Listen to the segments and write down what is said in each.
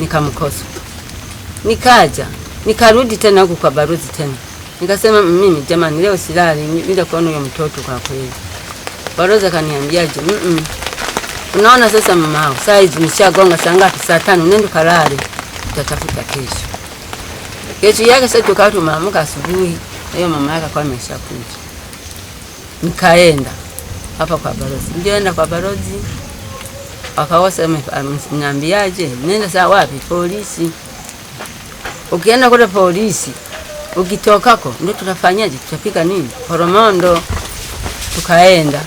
nikamkosa. Nikaja nikarudi tena huku kwa baruzi tena, nikasema mm, mimi jamani, leo silali bila kuona huyo mtoto. Kwa kweli baruzi akaniambiaje, mm -mm. Unaona sasa mamao, saa hizi nishagonga saa ngapi? Saa tano, nenda kalale, tutatafuta kesho. Kesho yake sasa tukawa tumeamka asubuhi, hiyo mama yake kwa ameshakuja. Nikaenda hapa kwa barozi, ndio enda kwa barozi akawasema amniambiaje, nenda saa wapi? Polisi. Ukienda kule polisi, ukitokako ndio tutafanyaje? Tutapika nini? Poromondo. Tukaenda,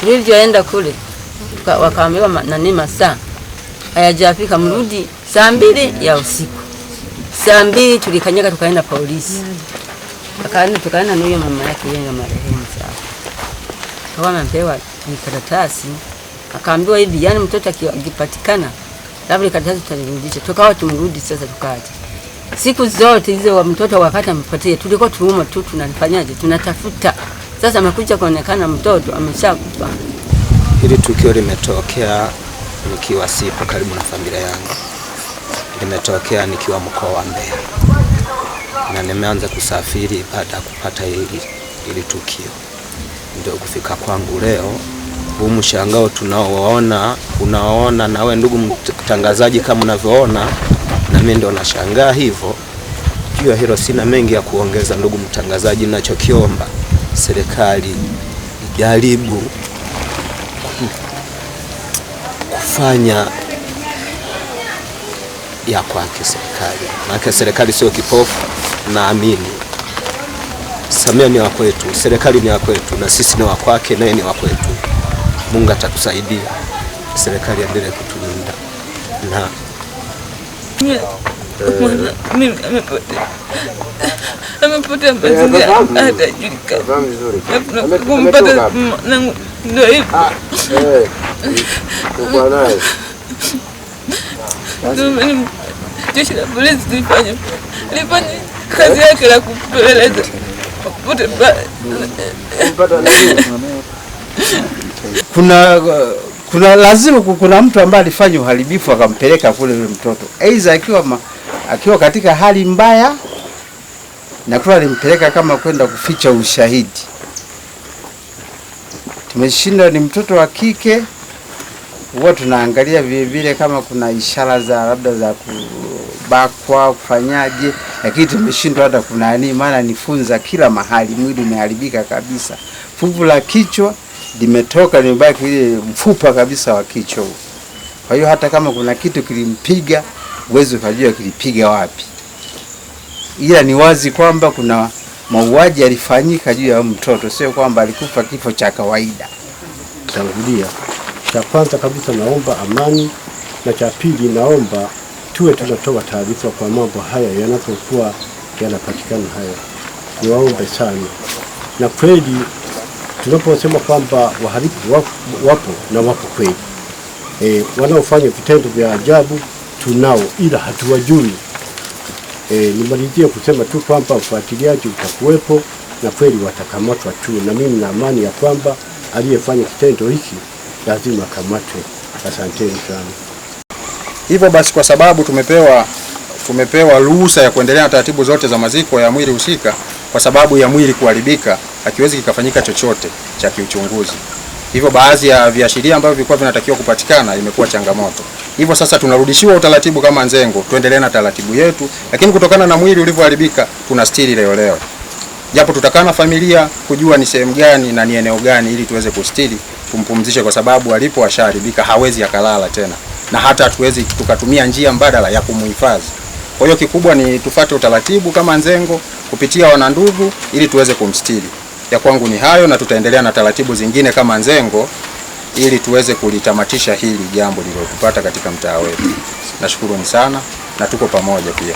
tulivyoenda kule wakaambiwa nani, masaa hayajafika, mrudi saa mbili ya usiku. Saa mbili tulikanyaga tukaenda polisi, akaenda tukaenda na huyo mama yake yenga marehemu sasa, akawa anapewa karatasi akaambiwa hivi, yani mtoto akipatikana labda karatasi tutarudisha. Tukawa tumrudi sasa, tukaacha siku zote hizo wa mtoto wakati ampatie, tulikuwa tuuma tu, tunafanyaje? Tunatafuta. Sasa amekuja kuonekana mtoto ameshakufa. Hili tukio limetokea nikiwa sipo karibu na familia yangu, limetokea nikiwa mkoa wa Mbeya, na nimeanza kusafiri baada ya kupata hili, hili tukio ndio kufika kwangu leo huu mshangao tunaoona unaoona na wewe ndugu mtangazaji, kama unavyoona na mimi ndo nashangaa hivyo. Juu ya hilo sina mengi ya kuongeza, ndugu mtangazaji. Ninachokiomba serikali ijaribu kufanya ya kwake serikali, maana serikali sio kipofu. Naamini Samia ni wa kwetu, serikali ni wa kwetu, na sisi ni wa kwake, naye ni wa kwetu. Mungu atakusaidia, serikali endelee kutulinda na jeshi la polisi lifanya lifanya kazi yake la kupeleleza popote pale kuna kuna lazima kuna mtu ambaye alifanya uharibifu akampeleka kule yule mtoto aidha akiwa ma, akiwa katika hali mbaya, na kule alimpeleka kama kwenda kuficha ushahidi. Tumeshinda ni mtoto wa kike, huwa tunaangalia vile vile kama kuna ishara za labda za kubakwa kufanyaje, lakini tumeshindwa hata kuna nini, maana nifunza kila mahali, mwili umeharibika kabisa, fuvu la kichwa limetoka limebaki ile mfupa kabisa wa kichwa. Kwa hiyo hata kama kuna kitu kilimpiga, uwezi ukajua kilipiga wapi, ila ni wazi kwamba kuna mauaji yalifanyika juu ya mtoto, sio kwamba alikufa kifo cha kawaida. Tangulia cha kwanza kabisa, naomba amani, na cha pili, naomba tuwe tunatoa taarifa kwa mambo haya yanapokuwa yanapatikana. Haya niwaombe sana, na kweli tunaposema kwamba wahalifu wapo, wapo na wapo kweli. E, wanaofanya vitendo vya ajabu tunao, ila hatuwajui. E, nimalizia kusema tu kwamba ufuatiliaji utakuwepo na kweli watakamatwa tu, na mimi na amani ya kwamba aliyefanya kitendo hiki lazima akamatwe. Asanteni sana. Hivyo basi, kwa sababu tumepewa tumepewa ruhusa ya kuendelea na taratibu zote za maziko ya mwili husika kwa sababu ya mwili kuharibika hakiwezi kikafanyika chochote cha kiuchunguzi. Hivyo baadhi ya viashiria ambavyo vilikuwa vinatakiwa kupatikana imekuwa changamoto. Hivyo sasa tunarudishiwa utaratibu kama Nzengo, tuendelee na taratibu yetu, lakini kutokana na mwili ulivyoharibika tuna stili leo leo, japo tutakaa na familia kujua ni sehemu gani na ni eneo gani, ili tuweze kustili tumpumzishe, kwa sababu alipo ashaharibika, hawezi akalala tena, na hata hatuwezi tukatumia njia mbadala ya kumhifadhi. Kwa hiyo kikubwa ni tufate utaratibu kama Nzengo kupitia wanandugu, ili tuweze kumstili ya kwangu ni hayo, na tutaendelea na taratibu zingine kama Nzengo ili tuweze kulitamatisha hili jambo lililotupata katika mtaa wetu. Nashukuruni sana na tuko pamoja pia.